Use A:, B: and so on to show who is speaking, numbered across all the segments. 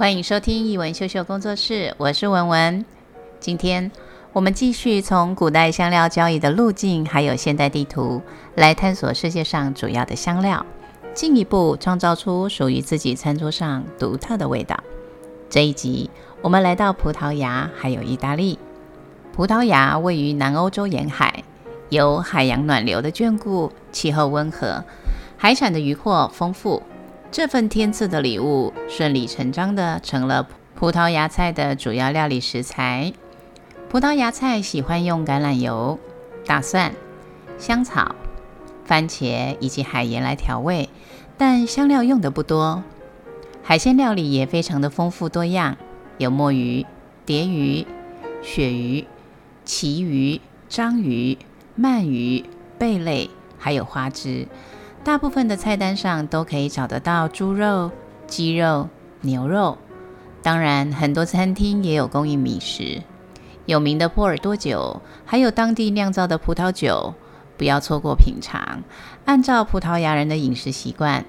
A: 歡迎收聽譯文秀秀工作室，我是文文。今天我們繼續從古代香料交易的路徑，還有現代地圖來探索世界上主要的香料，進一步創造出屬於自己餐桌上獨特的味道。這一集我們來到葡萄牙，還有意大利。葡萄牙位於南歐洲沿海，有海洋暖流的眷顧，氣候溫和，海產的漁獲豐富。這份天賜的禮物順理成章地成了葡萄牙菜的主要料理食材。葡萄牙菜喜歡用橄欖油、大蒜、香草、番茄以及海鹽來調味，但香料用得不多。海鮮料理也非常的豐富多樣，有墨魚、鰈魚、鱈魚、旗魚、章魚、鰻魚、貝類，還有花枝。大部分的菜單上都可以找得到豬肉、雞肉、牛肉，當然很多餐廳也有供應米食。有名的波爾多酒，還有當地釀造的葡萄酒，不要錯過品嘗。按照葡萄牙人的飲食習慣，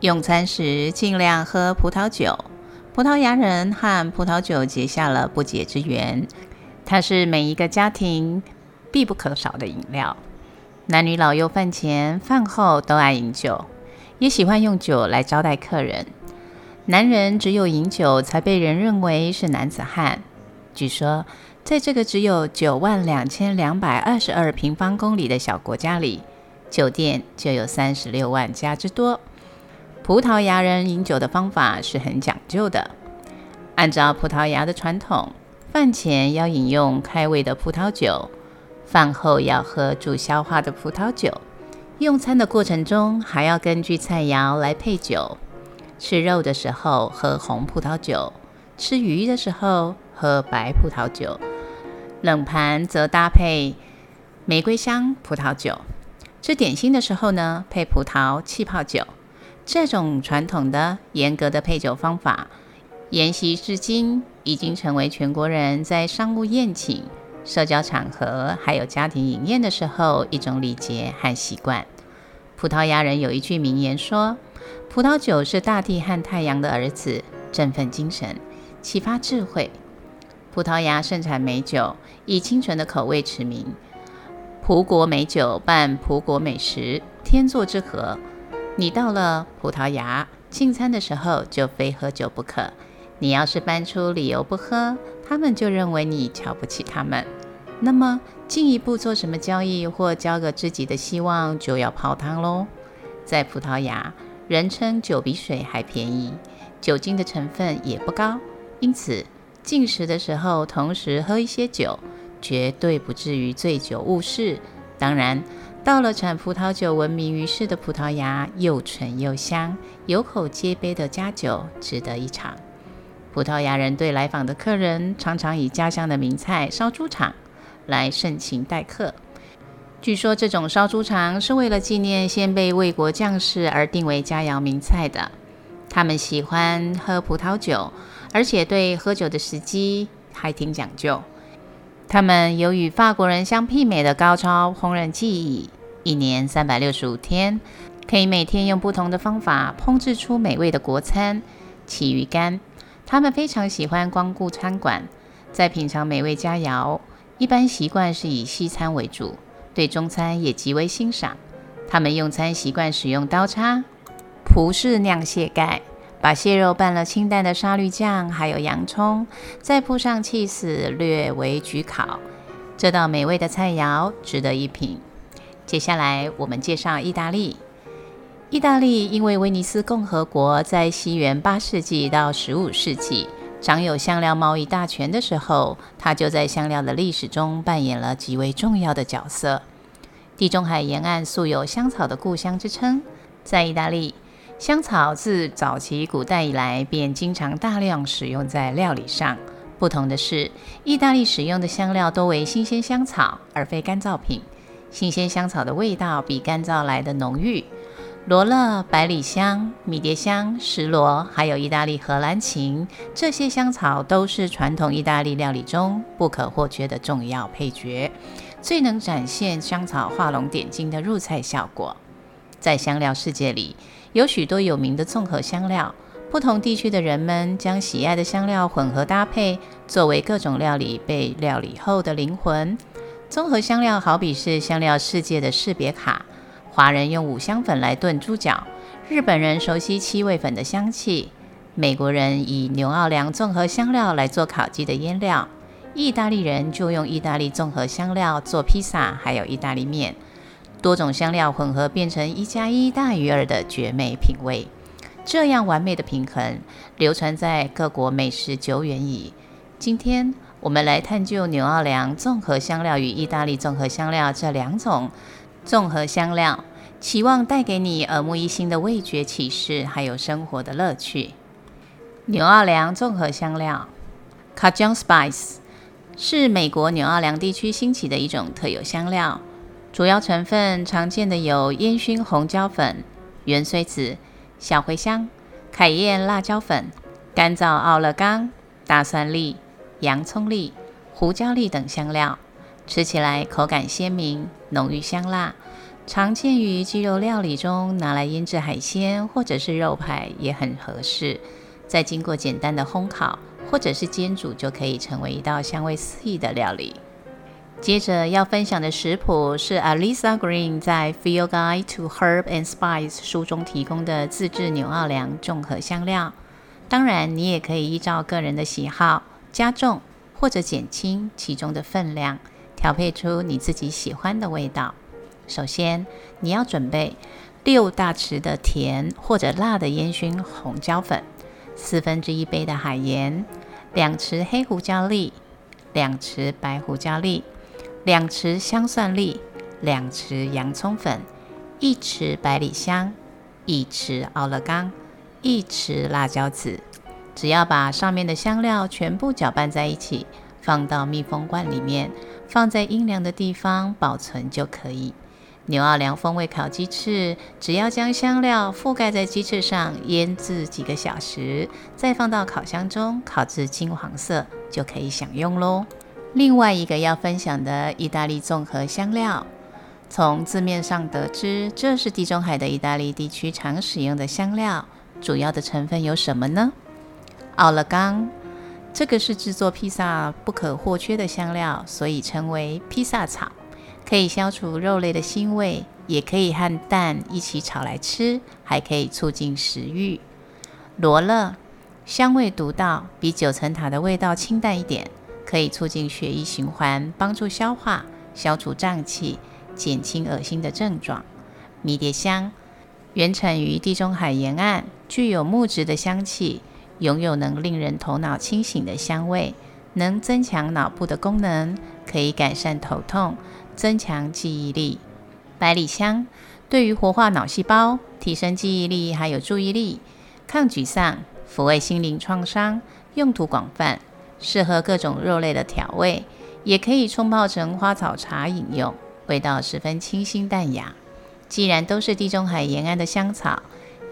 A: 用餐時儘量喝葡萄酒。葡萄牙人和葡萄酒結下了不解之緣，它是每一個家庭必不可少的飲料。男女老幼飯前飯後都愛飲酒，也喜歡用酒來招待客人。男人只有飲酒才被人認為是男子漢。據說，在這個只有九萬兩千兩百二十二平方公里的小國家裡，酒店就有三十六萬家之多。葡萄牙人飲酒的方法是很講究的。按照葡萄牙的傳統，飯前要飲用開胃的葡萄酒。飯後要喝助消化的葡萄酒。用餐的過程中還要根據菜餚來配酒，吃肉的時候喝紅葡萄酒，吃魚的時候喝白葡萄酒，冷盤則搭配玫瑰香葡萄酒。吃點心的時候呢，配葡萄氣泡酒。這種傳統的、嚴格的配酒方法，沿襲至今，已經成為全國人在商務宴請。社交場合，還有家庭飲宴的時候，一種禮節和習慣。葡萄牙人有一句名言說：“葡萄酒是大地和太陽的兒子，振奮精神，啟發智慧。”葡萄牙盛產美酒，以清純的口味馳名。葡國美酒伴葡國美食，天作之合。你到了葡萄牙進餐的時候，就非喝酒不可。你要是搬出理由不喝，他們就認為你瞧不起他們。那麼進一步做什麼交易或交個知己的希望就要泡湯嘍。在葡萄牙，人稱酒比水還便宜，酒精的成分也不高，因此進食的時候同時喝一些酒，絕對不至於醉酒誤事。當然，到了產葡萄酒聞名於世的葡萄牙，又醇又香，有口皆碑的佳酒，值得一嘗。葡萄牙人對來訪的客人，常常以家鄉的名菜燒豬場。來盛情待客。據說這種燒豬腸是為了紀念先輩衛國將士而定為佳餚名菜的。他們喜歡喝葡萄酒，而且對喝酒的時機還挺講究。他們有與法國人相媲美的高超烹飪技藝，一年三百六十五天，可以每天用不同的方法烹製出美味的國餐——鯽魚乾。他們非常喜歡光顧餐館，再品嘗美味佳餚。一般習慣是以西餐為主，對中餐也極為欣賞。他們用餐習慣使用刀叉，葡式釀蟹蓋，把蟹肉拌了清淡的沙律醬，還有洋蔥，再鋪上起司，略為焗烤。這道美味的菜肴值得一品。接下來我們介紹意大利。意大利因為威尼斯共和國在西元八世紀到十五世紀。享有香料貿易大權的時候，它就在香料的歷史中扮演了極為重要的角色。地中海沿岸素有香草的故鄉之稱，在意大利，香草自早期古代以來便經常大量使用在料理上。不同的是，意大利使用的香料多為新鮮香草，而非乾燥品。新鮮香草的味道比乾燥來得濃郁。羅勒、百里香、迷迭香、蒔蘿，還有意大利荷蘭芹，這些香草都是傳統意大利料理中不可或缺的重要配角，最能展現香草畫龍點睛的入菜效果。在香料世界裡，有許多有名的綜合香料，不同地區的人們將喜愛的香料混合搭配，作為各種料理被料理後的靈魂。綜合香料好比是香料世界的識別卡。華人用五香粉來燉豬腳，日本人熟悉七味粉的香氣，美國人以紐奧良綜合香料來做烤雞的醃料，意大利人就用意大利綜合香料做披薩，還有意大利麵，多種香料混合變成一加一大於二的絕美品味。這樣完美的平衡流傳在各國美食久遠矣。今天我們來探究紐奧良綜合香料與意大利綜合香料這兩種。綜合香料，期望帶給你耳目一新的味覺啟示，還有生活的樂趣。紐澳良綜合香料 （Cajun s p i c e 是美國紐澳良地區興起的一種特有香料，主要成分常見的有煙燻紅椒粉、圓錐子、小茴香、凱宴辣椒粉、乾燥奧勒岡、大蒜粒、洋蔥粒、胡椒粒等香料。吃起來口感鮮明、濃郁香辣，常見於雞肉料理中，拿來醃制海鮮或者是肉排也很合適。再經過簡單的烘烤或者是煎煮，就可以成為一道香味四溢的料理。接着要分享的食譜是 Alisa Green 在《Field Guide to Herbs and Spices》書中提供的自制紐奧良綜合香料。當然，你也可以依照個人的喜好加重或者減輕其中的分量。調配出你自己喜歡的味道。首先，你要準備六大匙的甜或者辣的煙燻紅椒粉，四分之一杯的海鹽，兩匙黑胡椒粒，兩匙白胡椒粒，兩匙香蒜粒，兩匙洋蔥粉，一匙百里香，一匙奧勒岡，一匙辣椒籽。只要把上面的香料全部攪拌在一起。放到密封罐裡面，放在陰涼的地方保存就可以。紐奧良風味烤雞翅，只要將香料覆蓋在雞翅上，醃製幾個小時，再放到烤箱中烤至金黃色，就可以享用嘍。另外一個要分享的意大利綜合香料，從字面上得知，這是地中海的意大利地區常使用的香料，主要的成分有什麼呢？奧勒岡。這個是製作披薩不可或缺的香料，所以稱為披薩草，可以消除肉類的腥味，也可以和蛋一起炒來吃，還可以促進食欲。羅勒，香味獨到，比九層塔的味道清淡一點，可以促進血液循環，幫助消化，消除脹氣，減輕噁心的症狀。迷迭香，原產於地中海沿岸，具有木質的香氣。擁有能令人頭腦清醒的香味，能增強腦部的功能，可以改善頭痛，增強記憶力。百里香對於活化腦細胞、提升記憶力還有注意力，抗沮喪、撫慰心靈創傷，用途廣泛，適合各種肉類的調味，也可以沖泡成花草茶飲用，味道十分清新淡雅。既然都是地中海沿岸的香草，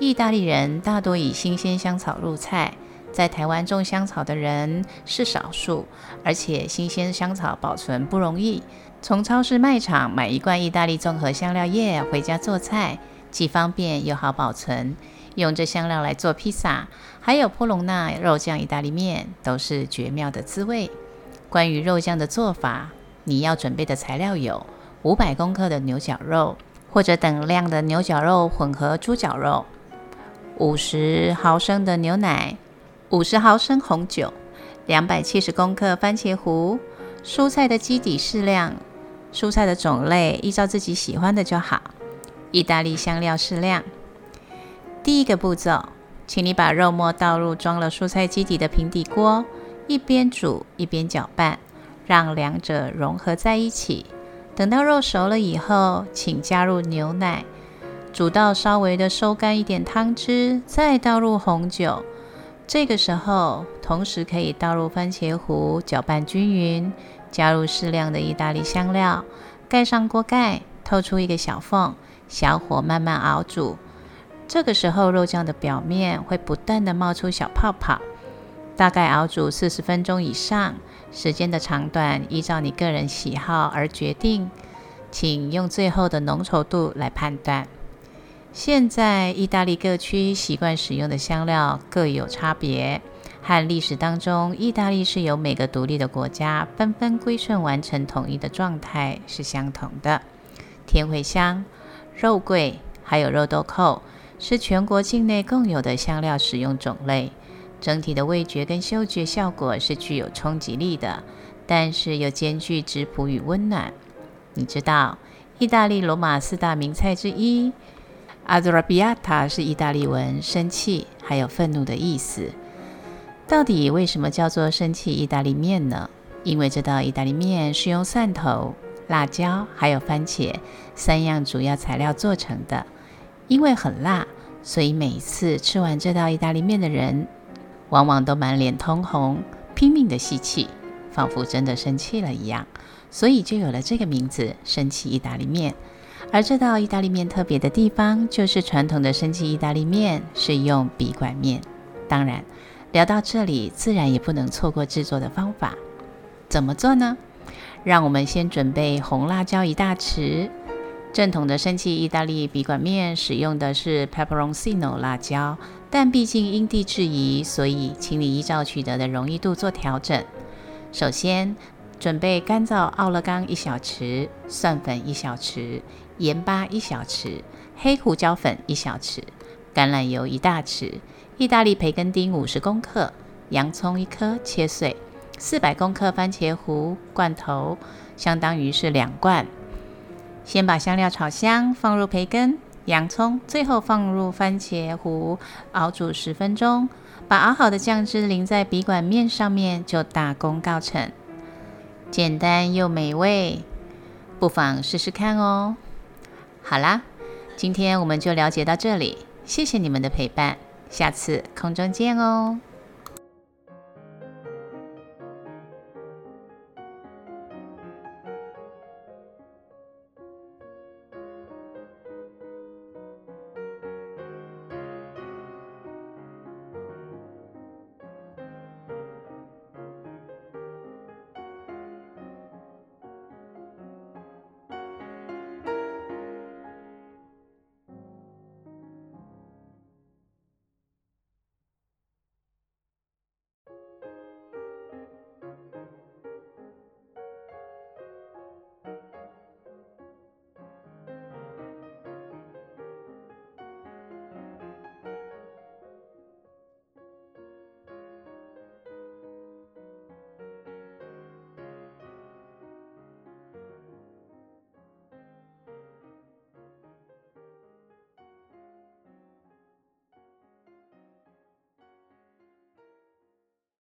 A: 意大利人大多以新鮮香草入菜。在台灣種香草的人是少數，而且新鮮香草保存不容易。從超市賣場買一罐意大利綜合香料液回家做菜，既方便又好保存。用這香料來做披薩，還有波隆那肉醬意大利麵，都是絕妙的滋味。關於肉醬的做法，你要準備的材料有五百公克的牛絞肉，或者等量的牛絞肉混合豬絞肉，五十毫升的牛奶。五十毫升紅酒，兩百七十公克番茄糊，蔬菜的基底適量，蔬菜的種類依照自己喜歡的就好。意大利香料適量。第一個步驟，請你把肉末倒入裝了蔬菜基底的平底鍋，一邊煮一邊攪拌，讓兩者融合在一起。等到肉熟了以後，請加入牛奶，煮到稍微的收乾一點湯汁，再倒入紅酒。這個時候，同時可以倒入番茄糊，攪拌均勻，加入適量的意大利香料，蓋上鍋蓋，透出一個小縫，小火慢慢熬煮。這個時候，肉醬的表面會不斷地冒出小泡泡，大概熬煮四十分鐘以上，時間的長短依照你個人喜好而決定，請用最後的濃稠度來判斷。現在，意大利各區習慣使用的香料各有差別，和歷史當中意大利是由每個獨立的國家紛紛歸順完成統一的狀態是相同的。甜茴香、肉桂還有肉豆蔻是全國境內共有的香料使用種類，整體的味覺跟嗅覺效果是具有衝擊力的，但是又兼具質樸與溫暖。你知道，意大利羅馬四大名菜之一。阿 Arrabbiata 是意大利文，生氣還有憤怒的意思。到底為什麼叫做生氣意大利麵呢？因為這道意大利麵是用蒜頭、辣椒還有番茄三樣主要材料做成的。因為很辣，所以每一次吃完這道意大利麵的人，往往都滿臉通紅，拼命地吸氣，仿佛真的生氣了一樣，所以就有了這個名字——生氣意大利麵。而這道意大利麵特別的地方，就是傳統的生煎意大利麵是用筆管麵。當然，聊到這裡，自然也不能錯過製作的方法。怎麼做呢？讓我們先準備紅辣椒一大匙。正統的生煎意大利筆管麵使用的是 Peperoncino 辣椒，但畢竟因地制宜，所以請你依照取得的容易度做調整。首先，準備乾燥奧勒岡一小匙，蒜粉一小匙。鹽巴一小匙，黑胡椒粉一小匙，橄欖油一大匙，意大利培根丁五十公克，洋蔥一顆切碎，四百公克番茄糊罐頭（相當於是兩罐）。先把香料炒香，放入培根、洋蔥，最後放入番茄糊，熬煮十分鐘。把熬好的醬汁淋在筆管面上面，就大功告成。簡單又美味，不妨試試看哦。好啦，今天我們就了解到這裡。謝謝你們的陪伴，下次空中見哦。